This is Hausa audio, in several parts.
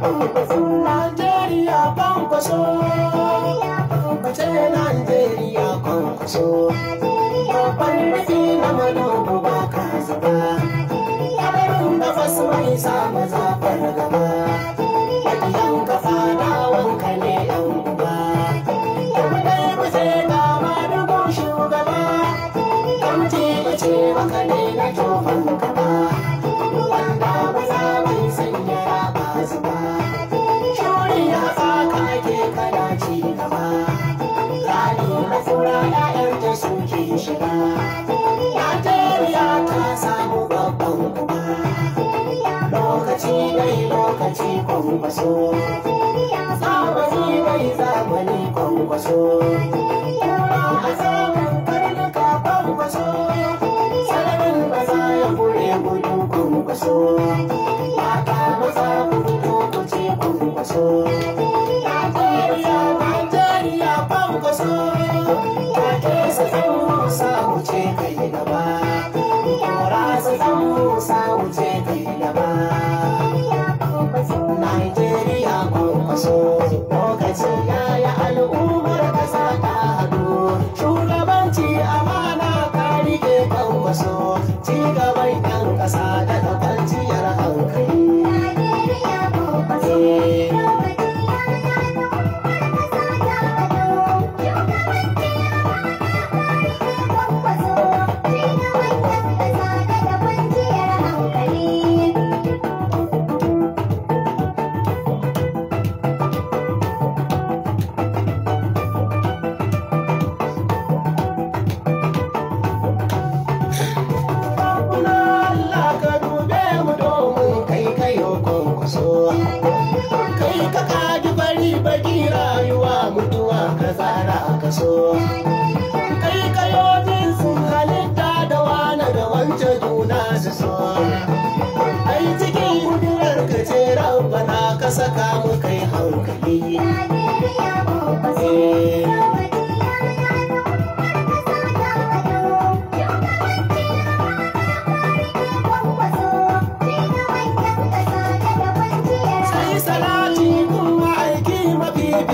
Najeriya kwankwaso Kwace Najeriya kwankwaso Babban rufi na manobu ba ka zuba Yabarin da fasu mai sama zafar gaba Wakilan ka fada wanka ne yan uba Yabudar ku sai dama dubu shugaba Kamci ce maka na tofan ka kwankwaso zamani mai zamani kwankwaso kwankwaso karnuka kwankwaso sararin ba za ya kure gudu kwankwaso mata maza ku fito ku ce kwankwaso Najeriya Najeriya kwankwaso ta musa wuce kai gaba Kora gaba Let's go. kai ka kaji bari baki rayuwa mutuwa ka tsara a kaso. kai kayo jinsin halitta da wane da wance juna su so ai cikin kudurar ka ce ka saka mu kai hankali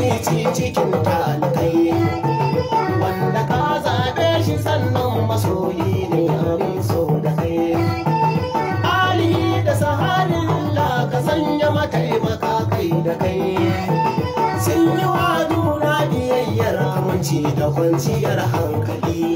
ya ci cikin talibai wanda ka zaɓe shi sannan masoyi ne ya so da kai ali da saharin la ka sanya mataimaka kai da kai sun yi wa juna biyayyar aminci da kwanciyar hankali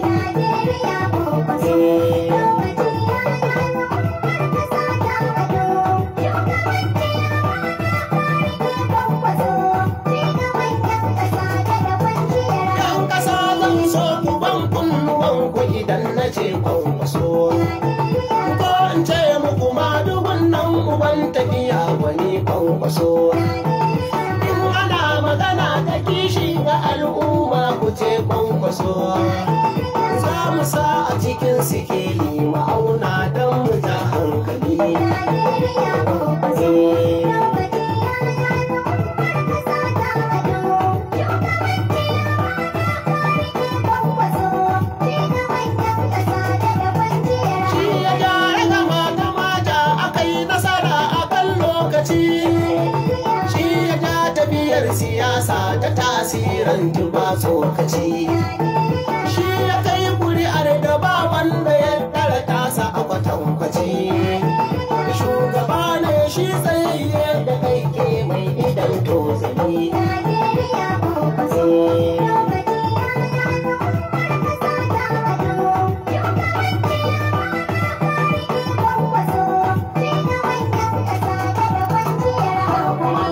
duhun nan uban tafiya wani kwankwaso in ana magana ta kishi ga al'umma ku ce kwankwaso za mu sa a cikin sike shi ya biyar siyasa ta tasirin ba tsokaci.